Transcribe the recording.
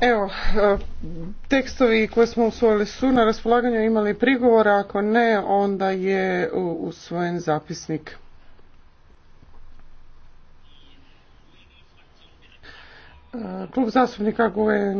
Evo, e, tekstovi koje smo usvojili su na raspolaganju imali prigovora, ako ne, onda je usvojen zapisnik. E, Klub zastupnika GUE